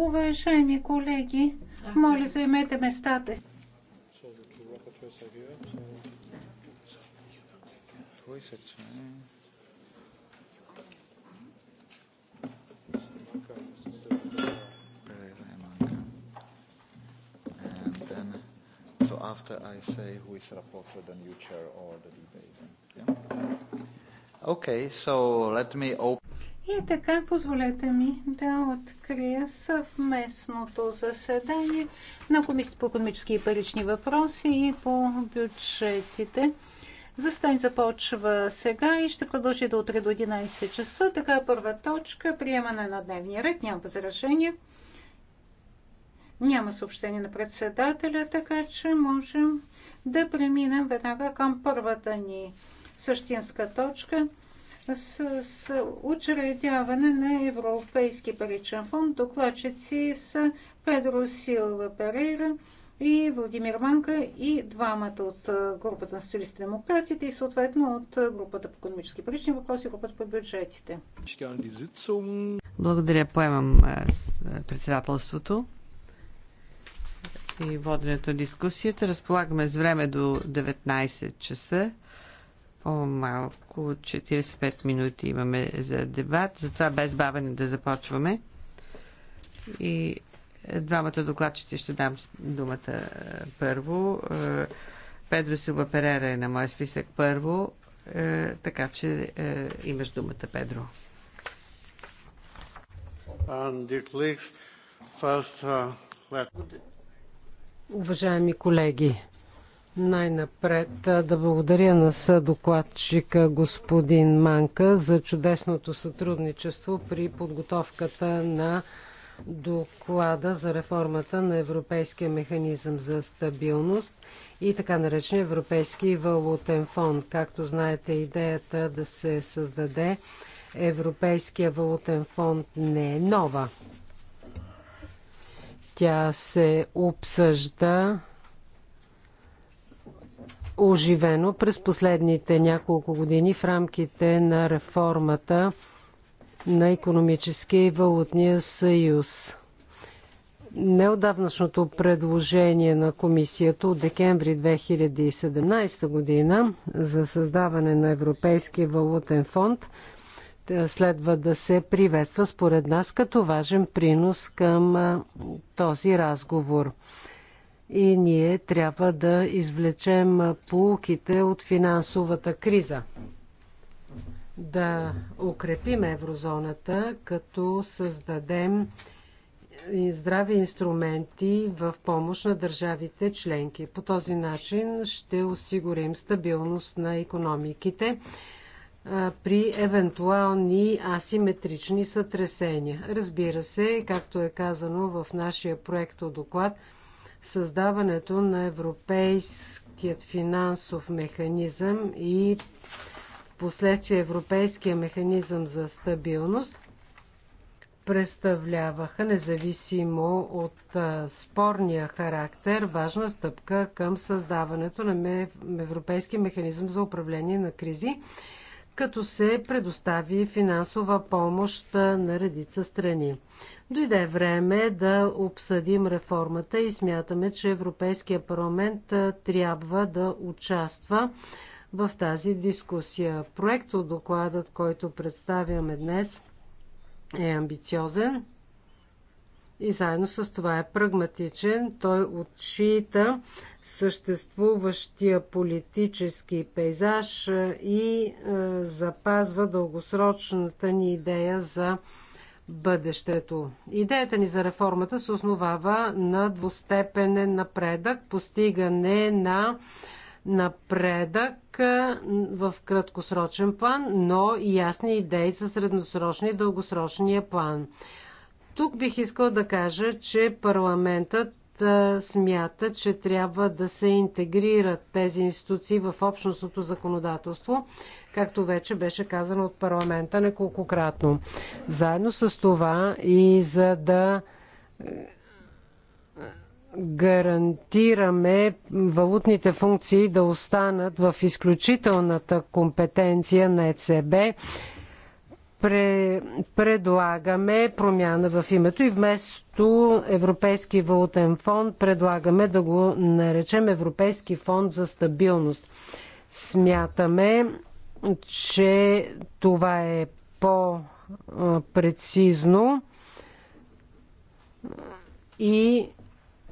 Уважаеми колеги, моля заемете местата си. So after I say who is rapporteur, then you chair or the debate. Yeah? Okay, so let me open. И така, позволете ми да открия съвместното заседание на Комисията по економически и парични въпроси и по бюджетите. Застань започва сега и ще продължи до утре до 11 часа. Така първа точка, приемане на дневния ред, няма възражение. Няма съобщение на председателя, така че можем да преминем веднага към първата ни същинска точка с, с учредяване на Европейски паричен фонд. Докладчици са Педро Силва Перейра и Владимир Манка и двамата от групата на социалистите демократите и съответно от групата по економически парични въпроси и групата по бюджетите. Благодаря, поемам председателството и воденето на дискусията. Разполагаме с време до 19 часа по-малко от 45 минути имаме за дебат, затова без бавене да започваме. И двамата докладчици ще дам думата е, първо. Е, Педро Силва Перера е на мой списък първо, е, така че имаш думата, Педро. Uh, Уважаеми колеги, най-напред да благодаря на съдокладчика господин Манка за чудесното сътрудничество при подготовката на доклада за реформата на Европейския механизъм за стабилност и така наречен Европейски валутен фонд. Както знаете, идеята да се създаде Европейския валутен фонд не е нова. Тя се обсъжда оживено през последните няколко години в рамките на реформата на економическия и валутния съюз. Неодавнашното предложение на комисията от декември 2017 година за създаване на Европейски валутен фонд е, следва да се приветства според нас като важен принос към е, този разговор и ние трябва да извлечем полуките от финансовата криза. Да укрепим еврозоната, като създадем здрави инструменти в помощ на държавите членки. По този начин ще осигурим стабилност на економиките при евентуални асиметрични сътресения. Разбира се, както е казано в нашия проект доклад, създаването на европейският финансов механизъм и последствие европейския механизъм за стабилност представляваха, независимо от а, спорния характер, важна стъпка към създаването на европейски механизъм за управление на кризи като се предостави финансова помощ на редица страни. Дойде време да обсъдим реформата и смятаме, че Европейския парламент трябва да участва в тази дискусия. Проектът докладът, който представяме днес, е амбициозен и заедно с това е прагматичен. Той отчита съществуващия политически пейзаж и е, запазва дългосрочната ни идея за бъдещето. Идеята ни за реформата се основава на двустепенен напредък, постигане на напредък в краткосрочен план, но и ясни идеи за средносрочния и дългосрочния план. Тук бих искал да кажа, че парламентът смята, че трябва да се интегрират тези институции в общностното законодателство, както вече беше казано от парламента неколкократно. Заедно с това и за да гарантираме валутните функции да останат в изключителната компетенция на ЕЦБ предлагаме промяна в името и вместо Европейски валутен фонд предлагаме да го наречем Европейски фонд за стабилност. Смятаме, че това е по-прецизно и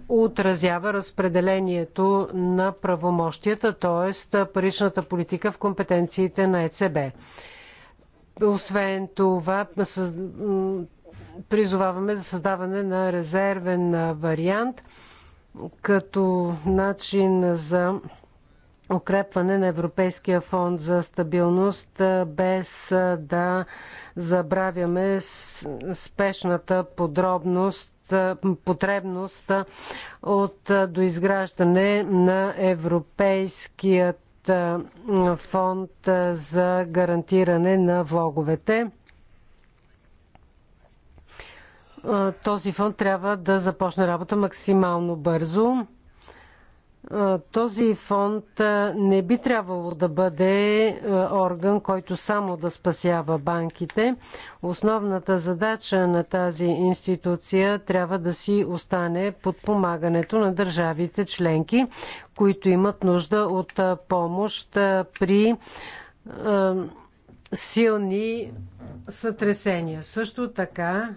отразява разпределението на правомощията, т.е. паричната политика в компетенциите на ЕЦБ. Освен това, призоваваме за създаване на резервен вариант като начин за укрепване на Европейския фонд за стабилност, без да забравяме спешната подробност потребност от доизграждане на европейският фонд за гарантиране на влоговете. Този фонд трябва да започне работа максимално бързо този фонд не би трябвало да бъде орган, който само да спасява банките. Основната задача на тази институция трябва да си остане подпомагането на държавите членки, които имат нужда от помощ при силни сътресения. Също така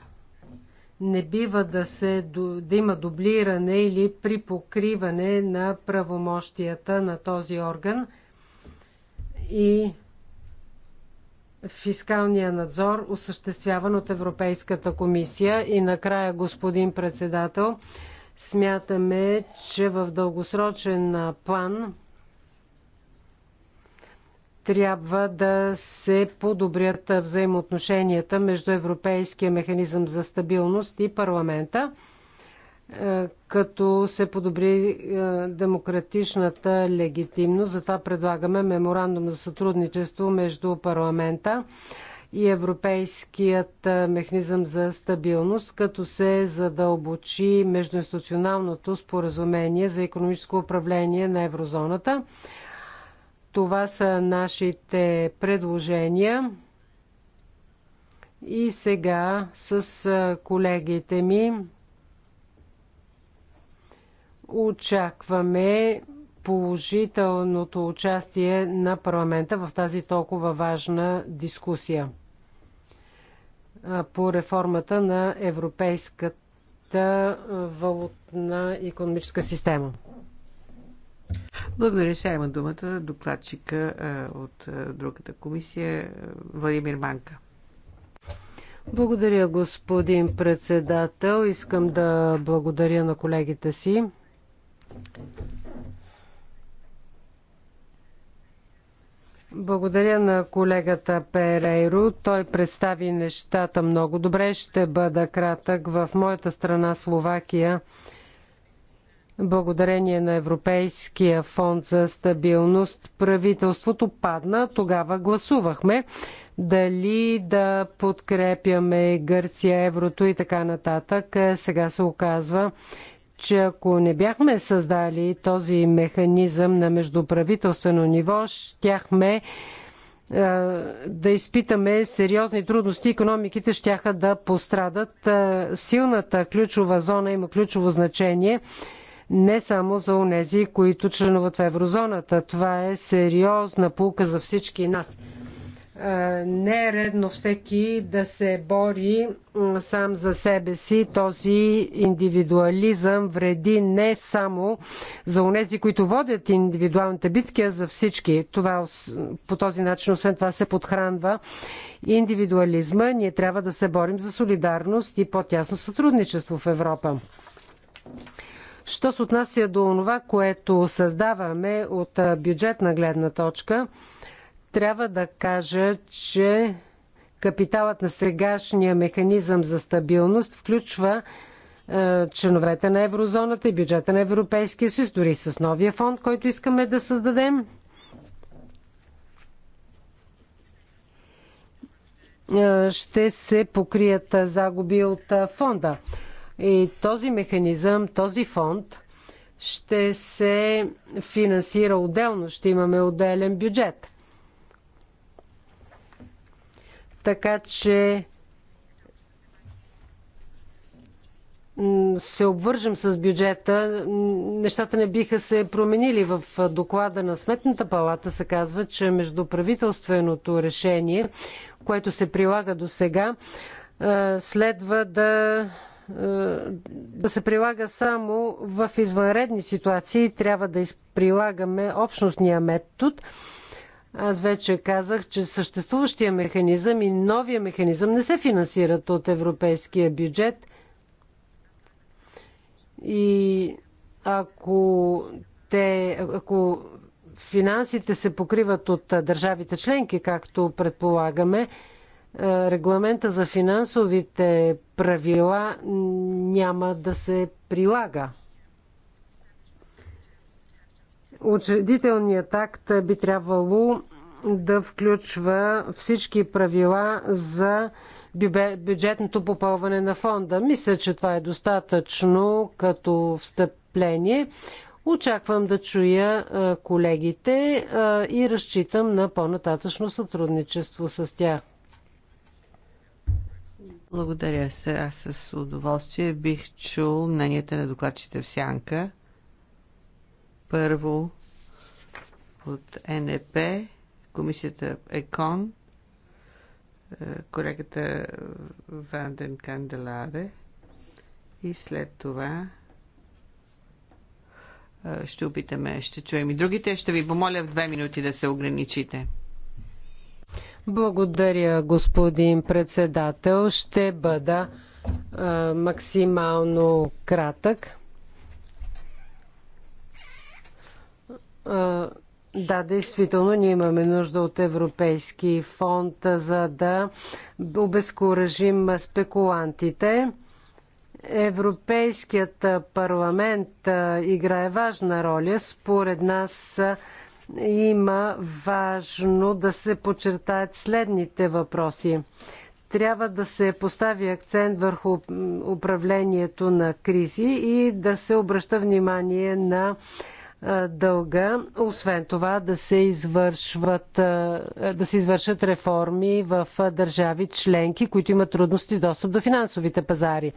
не бива да, се, да има дублиране или припокриване на правомощията на този орган и фискалния надзор, осъществяван от Европейската комисия. И накрая, господин председател, смятаме, че в дългосрочен план трябва да се подобрят взаимоотношенията между Европейския механизъм за стабилност и парламента, е, като се подобри е, демократичната легитимност. Затова предлагаме меморандум за сътрудничество между парламента и Европейският е, механизъм за стабилност, като се задълбочи междуинституционалното споразумение за економическо управление на еврозоната това са нашите предложения. И сега с колегите ми очакваме положителното участие на парламента в тази толкова важна дискусия по реформата на Европейската валутна економическа система. Благодаря. Сега има думата докладчика от другата комисия Владимир Манка. Благодаря, господин председател. Искам да благодаря на колегите си. Благодаря на колегата Перейро. Той представи нещата много добре. Ще бъда кратък. В моята страна Словакия благодарение на Европейския фонд за стабилност, правителството падна. Тогава гласувахме дали да подкрепяме Гърция, еврото и така нататък. Сега се оказва, че ако не бяхме създали този механизъм на междуправителствено ниво, щяхме е, да изпитаме сериозни трудности. Економиките щяха да пострадат. Е, силната ключова зона има ключово значение не само за онези, които членуват в еврозоната. Това е сериозна пулка за всички нас. Е, не е редно всеки да се бори сам за себе си. Този индивидуализъм вреди не само за онези, които водят индивидуалните битки, а за всички. Това, по този начин, освен това, се подхранва индивидуализма. Ние трябва да се борим за солидарност и по-тясно сътрудничество в Европа. Що се отнася до това, което създаваме от бюджетна гледна точка, трябва да кажа, че капиталът на сегашния механизъм за стабилност включва членовете на еврозоната и бюджета на Европейския съюз, дори с новия фонд, който искаме да създадем. ще се покрият загуби от фонда. И този механизъм, този фонд ще се финансира отделно, ще имаме отделен бюджет. Така че се обвържем с бюджета, нещата не биха се променили. В доклада на Сметната палата се казва, че между правителственото решение, което се прилага до сега, следва да е, да се прилага само в извънредни ситуации. Трябва да прилагаме общностния метод. Аз вече казах, че съществуващия механизъм и новия механизъм не се финансират от европейския бюджет. И ако, те, ако финансите се покриват от държавите членки, както предполагаме, е, регламента за финансовите правила няма да се прилага. Учредителният акт би трябвало да включва всички правила за бюджетното попълване на фонда. Мисля, че това е достатъчно като встъпление. Очаквам да чуя е, колегите е, и разчитам на по-нататъчно сътрудничество с тях. Благодаря се. Аз с удоволствие бих чул мненията на докладчите в Сянка. Първо от НЕП, комисията ЕКОН, е, колегата Ванден Канделаре и след това е, ще опитаме, ще чуем и другите. Ще ви помоля в две минути да се ограничите. Благодаря, господин председател. Ще бъда а, максимално кратък. А, да, действително, ние имаме нужда от Европейски фонд, за да обезкуражим спекулантите. Европейският парламент играе важна роля. Според нас има важно да се подчертаят следните въпроси. Трябва да се постави акцент върху управлението на кризи и да се обръща внимание на дълга. Освен това да се извършват, да се извършат реформи в държави членки, които имат трудности достъп до финансовите пазари.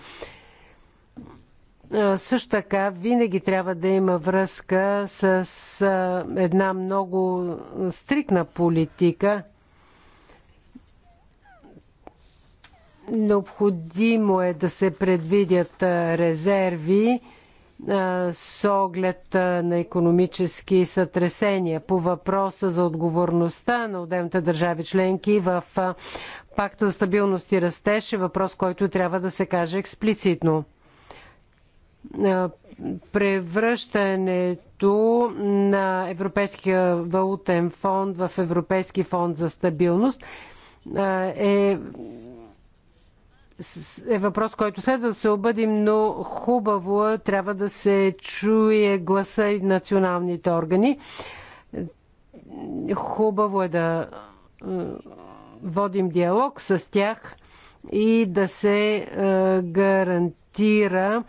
Също така, винаги трябва да има връзка с една много стрикна политика. Необходимо е да се предвидят резерви с оглед на економически сътресения. По въпроса за отговорността на отделните държави членки в Пакта за стабилност и растеж е въпрос, който трябва да се каже експлицитно превръщането на Европейския валутен фонд в Европейски фонд за стабилност е, е въпрос, който следва да се обадим, но хубаво е трябва да се чуе гласа и националните органи. Хубаво е да водим диалог с тях и да се гарантира гарантира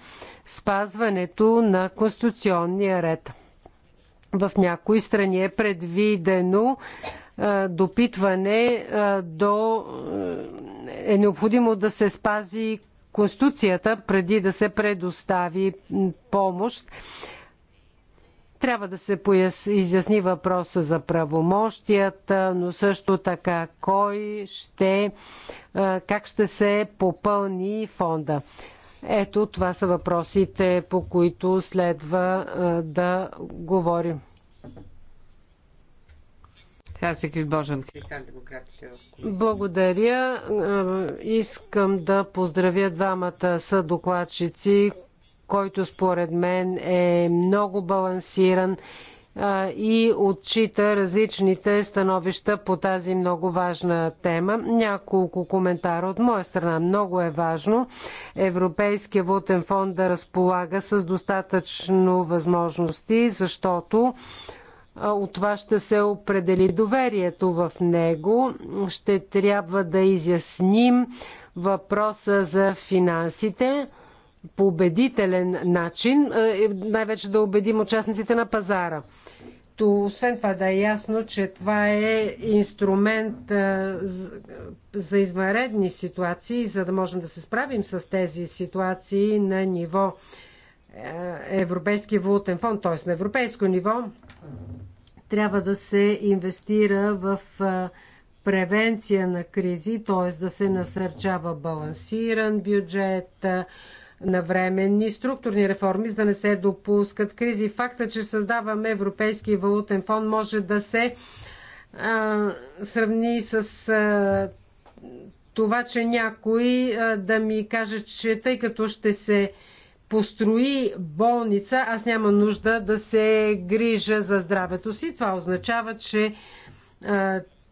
спазването на конституционния ред. В някои страни е предвидено допитване до е, е необходимо да се спази Конституцията преди да се предостави помощ. Трябва да се пояс... изясни въпроса за правомощията, но също така кой ще, как ще се попълни фонда. Ето, това са въпросите, по които следва да говорим. Благодаря. Искам да поздравя двамата съдокладчици, който според мен е много балансиран и отчита различните становища по тази много важна тема. Няколко коментара от моя страна. Много е важно Европейския вутен фонд да разполага с достатъчно възможности, защото от това ще се определи доверието в него. Ще трябва да изясним въпроса за финансите по убедителен начин, е, най-вече да убедим участниците на пазара. То, освен това да е ясно, че това е инструмент е, за измаредни ситуации, за да можем да се справим с тези ситуации на ниво е, Европейски валутен фонд, т.е. на европейско ниво, трябва да се инвестира в превенция на кризи, т.е. да се насърчава балансиран бюджет, навременни структурни реформи, за да не се допускат кризи. Факта, че създаваме Европейски валутен фонд, може да се а, сравни с а, това, че някой а, да ми каже, че тъй като ще се построи болница, аз няма нужда да се грижа за здравето си. Това означава, че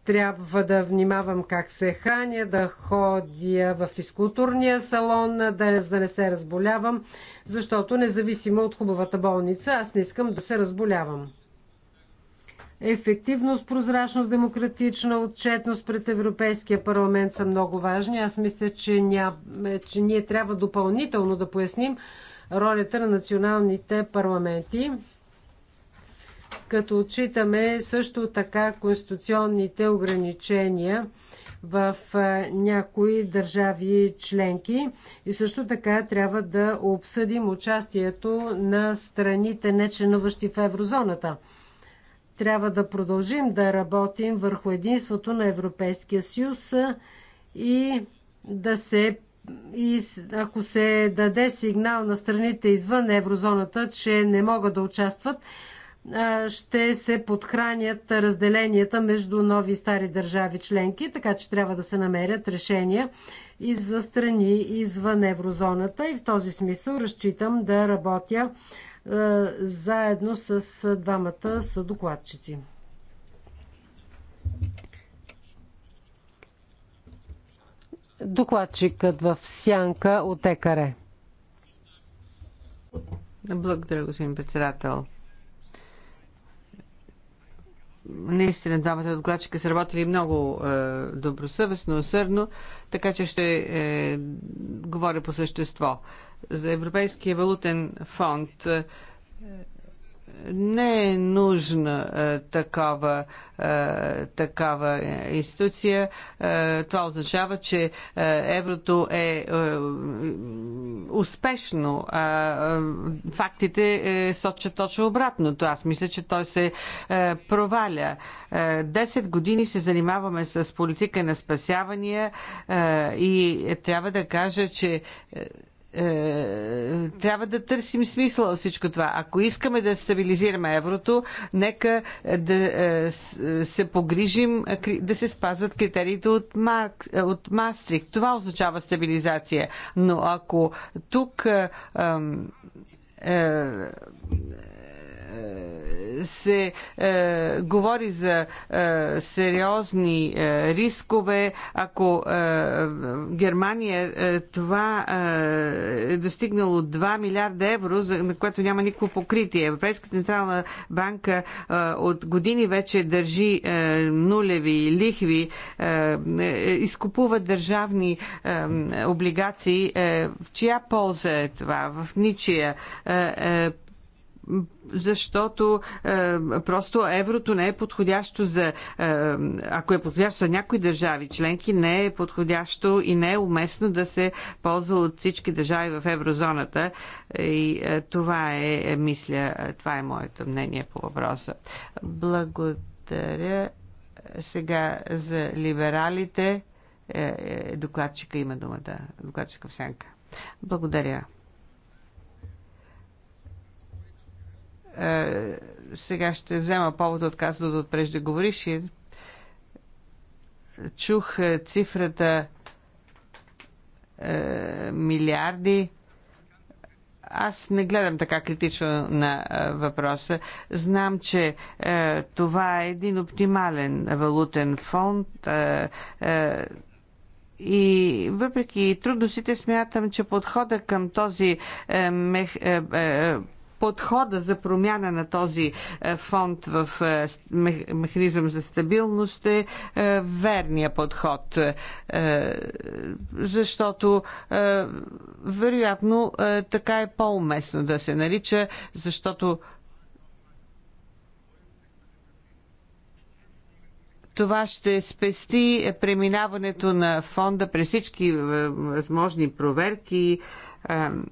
трябва да внимавам как се ханя, да ходя в физкултурния салон, да, да не се разболявам, защото независимо от хубавата болница, аз не искам да се разболявам. Ефективност, прозрачност, демократична отчетност пред Европейския парламент са много важни. Аз мисля, че, ня... че ние трябва допълнително да поясним ролята на националните парламенти като отчитаме също така конституционните ограничения в някои държави членки и също така трябва да обсъдим участието на страните не членуващи в еврозоната. Трябва да продължим да работим върху единството на Европейския съюз и да се и ако се даде сигнал на страните извън еврозоната, че не могат да участват, ще се подхранят разделенията между нови и стари държави членки, така че трябва да се намерят решения и за страни извън еврозоната. И в този смисъл разчитам да работя заедно с двамата съдокладчици. Докладчикът в сянка от ЕКАРЕ. Благодаря, господин председател наистина двамата докладчика са работили много е, добросъвестно, усърдно, така че ще е, говоря по същество. За Европейския валутен фонд е, не е нужна е, такава, е, такава институция. Е, това означава, че е, еврото е, е успешно. А, а, е, фактите е, сочат точно обратното. Аз мисля, че той се е, проваля. Е, десет години се занимаваме с политика на спасявания е, и трябва да кажа, че. Е, е, трябва да търсим смисъл във всичко това. Ако искаме да стабилизираме еврото, нека да е, се погрижим е, да се спазват критериите от, Марк, от Мастрик. Това означава стабилизация. Но ако тук. Е, е, се е, говори за е, сериозни е, рискове, ако е, Германия е, това е, е достигнало 2 милиарда евро, за, на което няма никакво покритие. Европейската централна банка е, от години вече държи е, нулеви лихви, е, е, изкупува държавни е, облигации. Е, в чия полза е това? В ничия. Е, е, защото е, просто еврото не е подходящо за. Е, ако е подходящо за някои държави членки, не е подходящо и не е уместно да се ползва от всички държави в еврозоната. И е, това е, е мисля, е, това е моето мнение по въпроса. Благодаря. Сега за либералите. Е, е, докладчика има думата. Докладчика в сянка. Благодаря. Е, сега ще взема повод от казаното от и Чух е, цифрата е, милиарди. Аз не гледам така критично на въпроса. Знам, че е, това е един оптимален валутен фонд. Е, е, и въпреки трудностите, смятам, че подхода към този е, мех, е, е, подхода за промяна на този е, фонд в е, механизъм за стабилност е, е верния подход, защото вероятно така е по-уместно да се нарича, защото това ще спести преминаването на фонда през всички възможни проверки,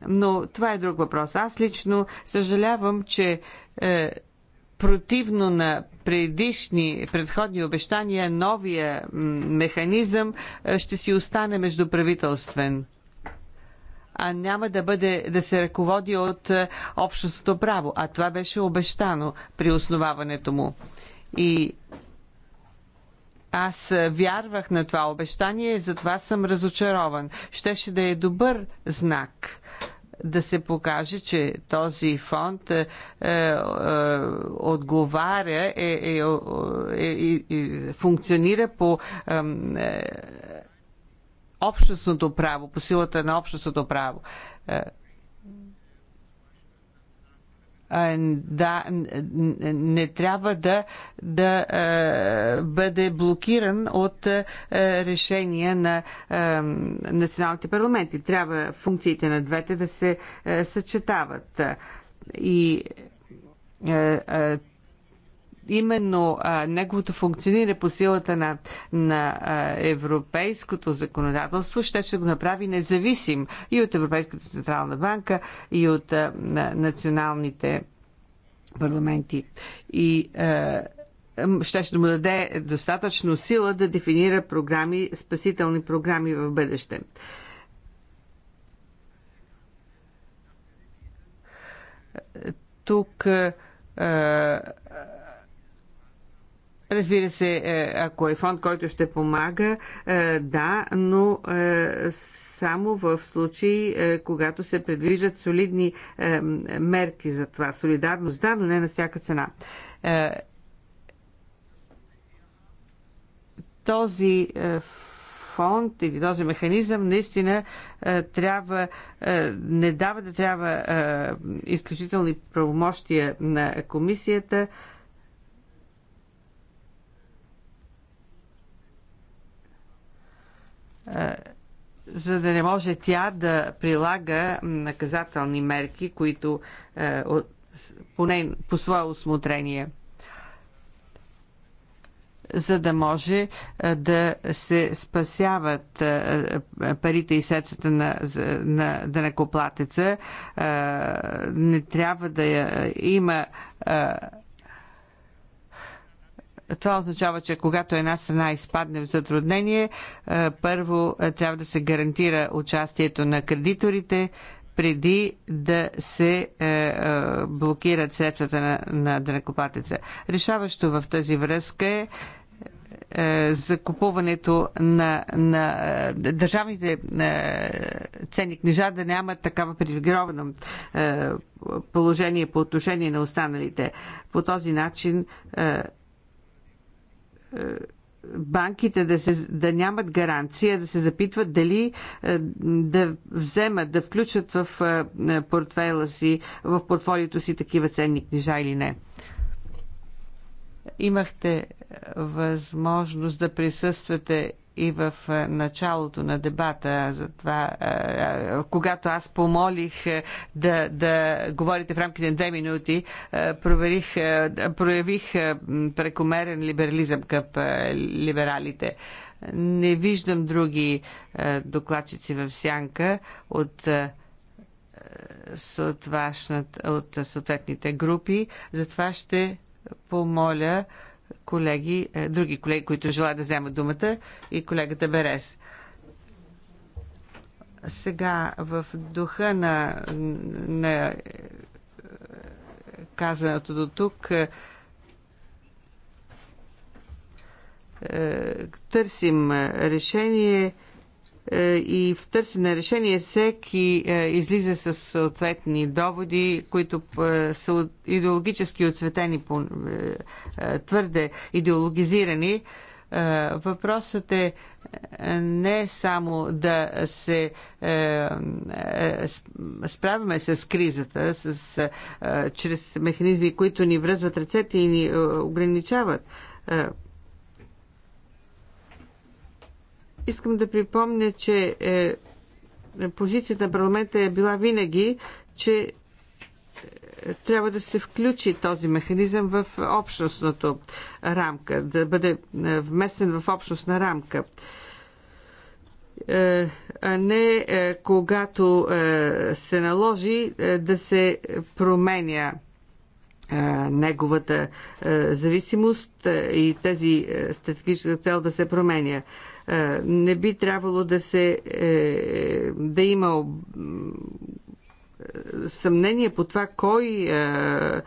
но това е друг въпрос. Аз лично съжалявам, че е, противно на предишни, предходни обещания, новия механизъм е, ще си остане междуправителствен а няма да, бъде, да се ръководи от е, общностното право. А това беше обещано при основаването му. И аз вярвах на това обещание и затова съм разочарован. Щеше да е добър знак да се покаже, че този фонд е, е, отговаря и е, е, е, е, функционира по е, е, общностното право, по силата на общностното право. Е, да, не трябва да, да бъде блокиран от решения на националните парламенти. Трябва функциите на двете да се съчетават. И именно а, неговото функциониране по силата на, на а, европейското законодателство ще ще го направи независим и от Европейската централна банка, и от а, на, националните парламенти. И а, ще ще му даде достатъчно сила да дефинира програми, спасителни програми в бъдеще. Тук а, Разбира се, е, ако е фонд, който ще помага, е, да, но е, само в случаи, когато се предвижат солидни мерки за това. Солидарност, да, но не на всяка цена. Този фонд или този механизъм наистина трябва, не дава да трябва изключителни правомощия на комисията, Е, за да не може тя да прилага наказателни мерки, които е, по, ней, по свое усмотрение за да може е, да се спасяват парите и средствата на, на данакоплатеца. Не трябва да има това означава, че когато една страна изпадне в затруднение, е, първо е, трябва да се гарантира участието на кредиторите, преди да се е, блокират средствата на, на дънакопатеца. Решаващо в тази връзка е закупуването на, на държавните ценни книжа да нямат такава привилегировано положение по отношение на останалите. По този начин банките да, се, да нямат гаранция, да се запитват дали е, да вземат, да включат в е, е, портфейла си, в портфолиото си такива ценни книжа или не. Имахте възможност да присъствате и в е, началото на дебата, за това, е, е, когато аз помолих да, да говорите в рамките на две минути, проверих, проявих прекомерен либерализъм към либералите. Не виждам други докладчици в сянка от от съответните групи. Затова ще помоля колеги, е, други колеги, които желаят да вземат думата и колегата Берес. Сега в духа на, на казаното до тук е, е, търсим решение е, и в търсене на решение всеки е, излиза с съответни доводи, които е, са идеологически отцветени, твърде идеологизирани. Въпросът е не само да се справяме с кризата, с, чрез механизми, които ни връзват ръцете и ни ограничават Искам да припомня, че е, позицията на парламента е била винаги, че е, трябва да се включи този механизъм в общностното рамка, да бъде е, вместен в общностна рамка е, а не когато се наложи да се променя неговата зависимост и тази стратегическа цел да се променя. Не би трябвало да се е, да има е, съмнение по това кой е,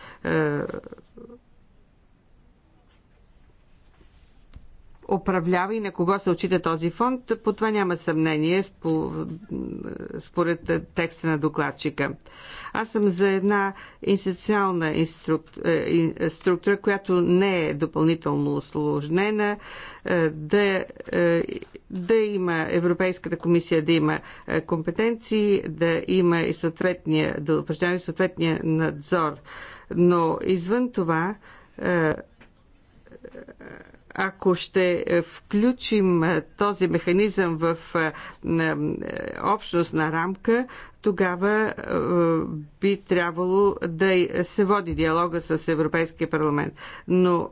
управлява и на кого се очита този фонд, по това няма съмнение според текста на докладчика. Аз съм за една институционална е, структура, която не е допълнително осложнена, е, да, е, да има Европейската комисия да има компетенции, да има и съответния, да упражнява и съответния надзор. Но извън това ако ще е, включим е, този механизъм в е, общностна рамка, тогава би трябвало да се води диалога с Европейския парламент. Но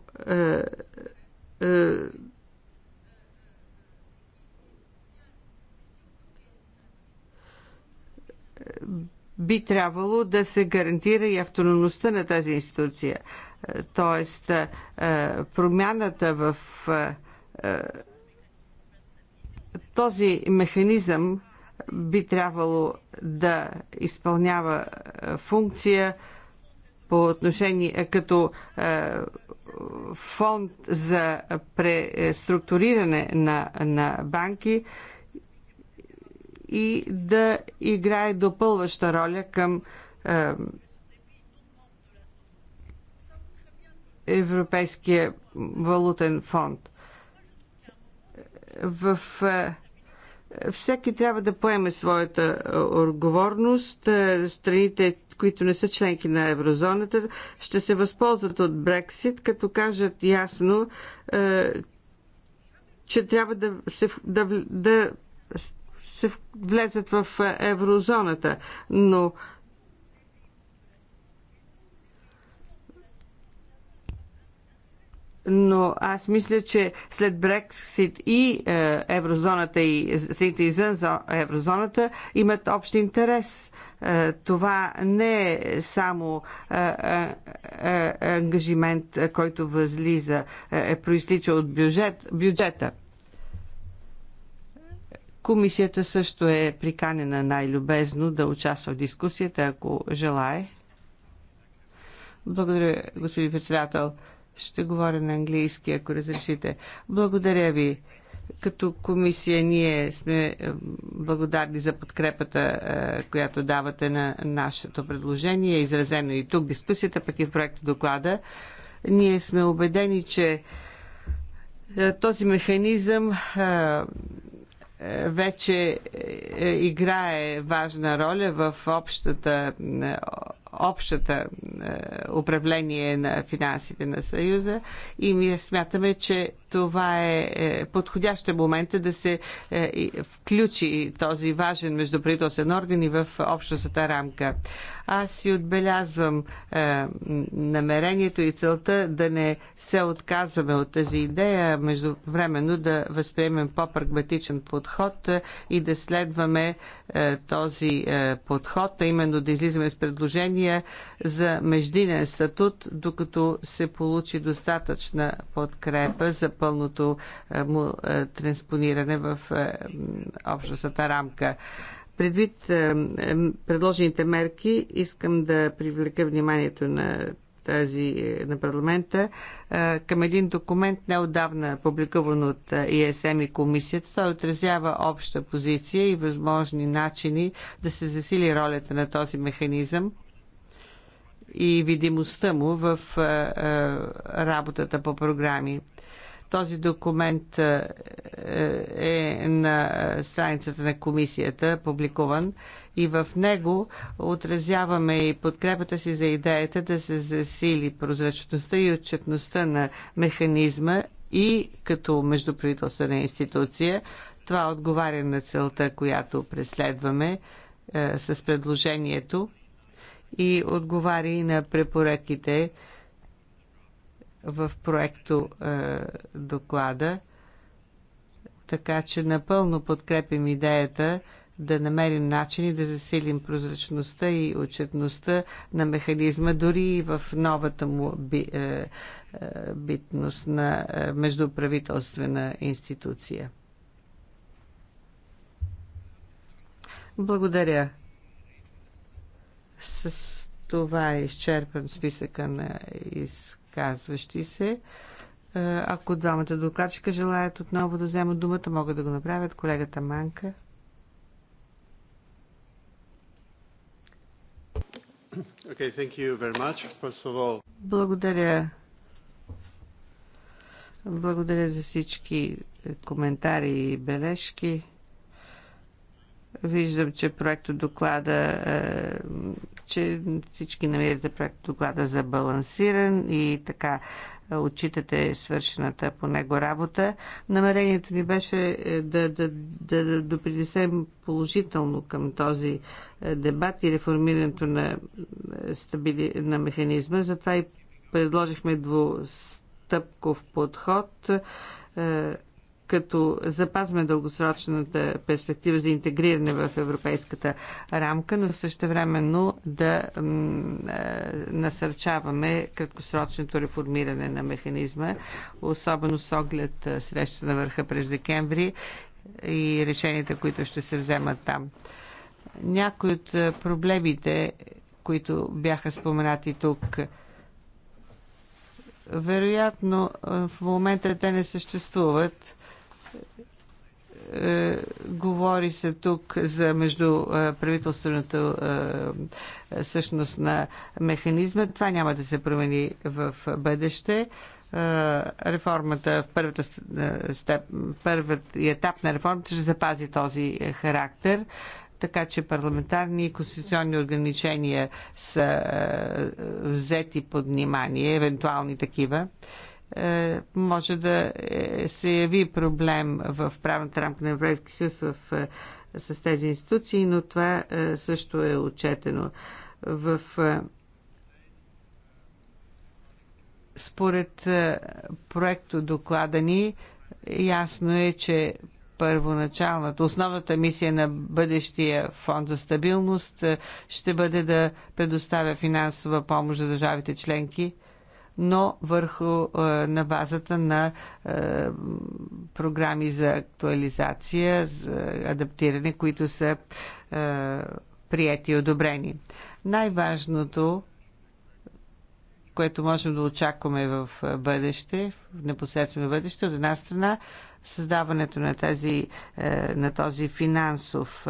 би трябвало да се гарантира и автономността на тази институция. Тоест, е, промяната в е, е, този механизъм би трябвало да изпълнява функция по отношение като фонд за преструктуриране на, на банки и да играе допълваща роля към Европейския валутен фонд. В е, всеки трябва да поеме своята е, отговорност. Е, страните, които не са членки на еврозоната, ще се възползват от Брексит, като кажат ясно, че трябва да се, да, да се влезат в еврозоната. Но но аз мисля, че след Брексит и е, еврозоната и страните извън еврозоната имат общ интерес. Е, това не е само е, е, е, ангажимент, който възлиза, е, е проистича от бюджет, бюджета. Комисията също е приканена най-любезно да участва в дискусията, ако желае. Благодаря, господин председател. Ще говоря на английски, ако разрешите. Благодаря ви. Като комисия ние сме е, благодарни за подкрепата, е, която давате на нашето предложение, изразено и тук дискусията, пък и в проекта доклада. Ние сме убедени, че е, този механизъм вече играе важна роля в общата общата е, управление на финансите на Съюза и ние смятаме, че това е, е подходяща момента е да се включи този важен междуправителствен орган и в общностната рамка. Аз си отбелязвам намерението и целта да не се отказваме от тази идея, междувременно да възприемем по-прагматичен подход и да следваме този подход, а именно да излизаме с предложение предложения за междинен статут, докато се получи достатъчна подкрепа за пълното е, му е, транспониране в е, общностната рамка. Предвид предложените мерки, искам да привлека вниманието на тази на парламента към един документ неодавна публикуван от ИСМ и комисията. Той отразява обща позиция и възможни начини да се засили ролята на този механизъм и видимостта му в работата по програми. Този документ е, е на страницата на комисията, публикуван и в него отразяваме и подкрепата си за идеята да се засили прозрачността и отчетността на механизма и като междуправителствена институция. Това отговаря на целта, която преследваме с предложението и отговари на препоръките в проекто е, доклада. Така че напълно подкрепим идеята да намерим начини да засилим прозрачността и отчетността на механизма, дори и в новата му би, е, е, битност на е, междуправителствена институция. Благодаря. С това е изчерпан списъка на изказващи се. Е, ако двамата докладчика желаят отново да вземат думата, могат да го направят. Колегата Манка. Okay, thank you very much. First of all... Благодаря. Благодаря за всички коментари и бележки. Виждам, че проекто доклада, е, че всички намирате проекто доклада за балансиран и така е, отчитате свършената по него работа. Намерението ни беше да, е, да, да, да допринесем положително към този дебат и реформирането на, стабили... на механизма. Затова и предложихме двустъпков подход като запазваме дългосрочната перспектива за интегриране в европейската рамка, но времено да насърчаваме краткосрочното реформиране на механизма, особено с оглед среща на върха през декември и решенията, които ще се вземат там. Някои от проблемите, които бяха споменати тук, вероятно в момента те не съществуват, говори се тук за между е, същност на механизма. Това няма да се промени в бъдеще. реформата в първата степ, първият етап на реформата ще запази този характер така че парламентарни и конституционни ограничения са взети под внимание, евентуални такива. Е, може да е, се яви проблем в правната рамка на Европейския съюз е, с тези институции, но това също е отчетено. В, според проекто доклада ни, ясно е, че първоначалната, основната мисия на бъдещия фонд за стабилност ще бъде да предоставя финансова помощ за държавите членки но върху е, на базата на е, програми за актуализация, за адаптиране, които са е, прияти и одобрени. Най-важното което можем да очакваме в бъдеще, в непосредствено бъдеще, от една страна създаването на, тази, на този финансов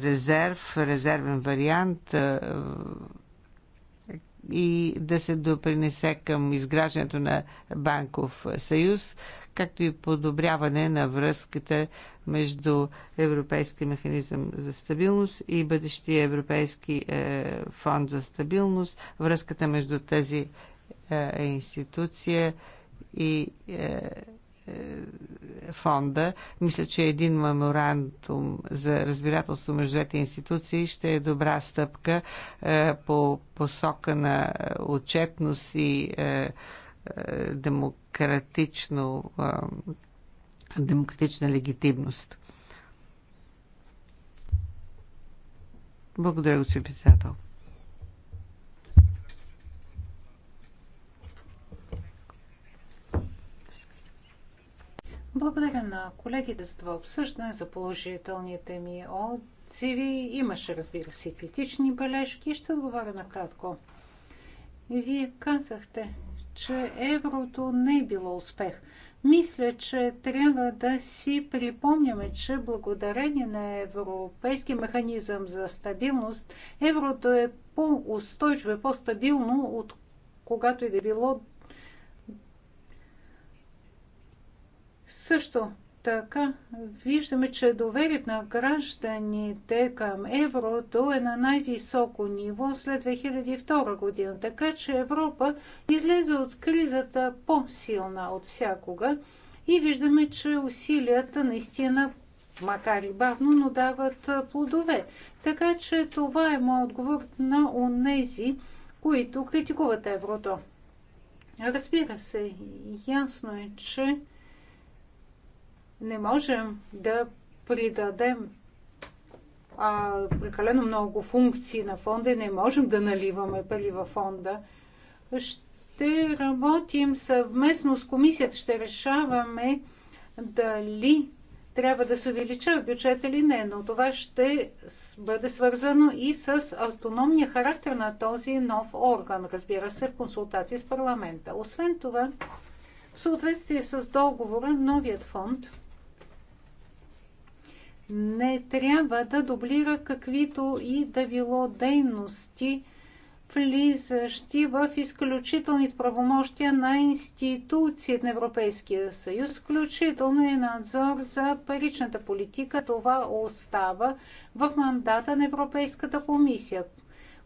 резерв, резервен вариант и да се допринесе към изграждането на банков съюз, както и подобряване на връзката между Европейския механизъм за стабилност и бъдещия Европейски е, фонд за стабилност, връзката между тази е, институция и е, е, фонда. Мисля, че един меморандум за разбирателство между двете институции ще е добра стъпка е, по посока на отчетност и е, демократично, демократична легитимност. Благодаря, господин председател. Благодаря на колегите за това обсъждане, за положителните ми отзиви. Имаше, разбира се, критични бележки. Ще отговоря накратко. Вие казахте, че еврото не е било успех. Мисля, че трябва да си припомняме, че благодарение на Европейския механизъм за стабилност, еврото е по-устойчиво е по-стабилно от когато и да било Също така виждаме, че доверието на гражданите към еврото е на най-високо ниво след 2002 година. Така че Европа излезе от кризата по-силна от всякога и виждаме, че усилията наистина макар и бавно, но дават плодове. Така че това е моят отговор на онези, които критикуват еврото. Разбира се, ясно е, че не можем да придадем а, прекалено много функции на фонда и не можем да наливаме пари във фонда. Ще работим съвместно с комисията, ще решаваме дали трябва да се увеличава бюджет или не, но това ще бъде свързано и с автономния характер на този нов орган, разбира се, в консултации с парламента. Освен това, в съответствие с договора, новият фонд не трябва да дублира каквито и да било дейности, влизащи в изключителните правомощия на институции на Европейския съюз, включително и надзор за паричната политика. Това остава в мандата на Европейската комисия.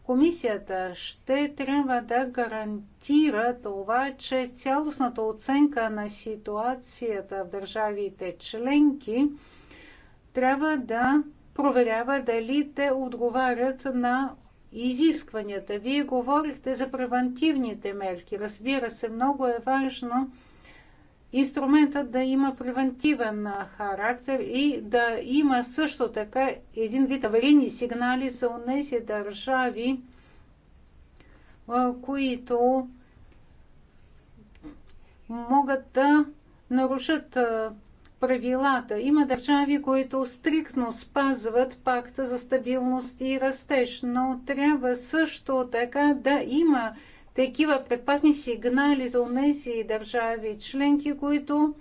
Комисията ще трябва да гарантира това, че цялостната оценка на ситуацията в държавите членки – трябва да проверява дали те отговарят на изискванията. Вие говорихте за превентивните мерки. Разбира се, много е важно инструментът да има превентивен характер и да има също така един вид аварийни сигнали за унеси държави, които могат да нарушат правилата. Има държави, които стриктно спазват пакта за стабилност и растеж, но трябва също така да има такива предпазни сигнали за унези държави членки, които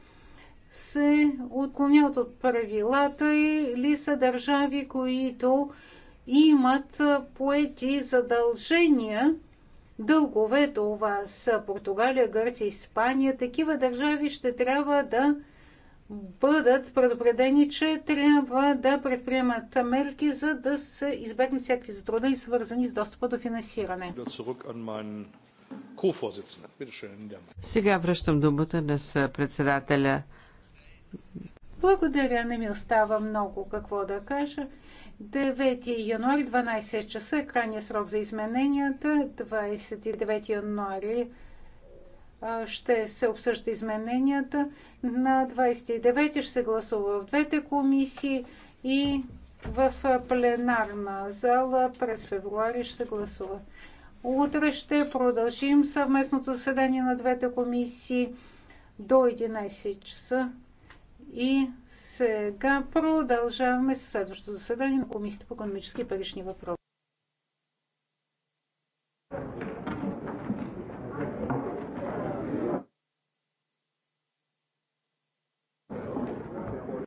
се отклоняват от правилата или са държави, които имат поети задължения дългове. Това са Португалия, Гърция, Испания. Такива държави ще трябва да бъдат предупредени, че трябва да предприемат мерки, за да се избегнат всякакви затруднения, свързани с достъпа до финансиране. Сега връщам думата на председателя. Благодаря, не ми остава много какво да кажа. 9 януари, 12 часа е крайния срок за измененията. 29 януари ще се обсъжда измененията. На 29 ще се гласува в двете комисии и в пленарна зала през февруари ще се гласува. Утре ще продължим съвместното заседание на двете комисии до 11 часа. И сега продължаваме с следващото заседание на Комисията по економически и парични въпроси.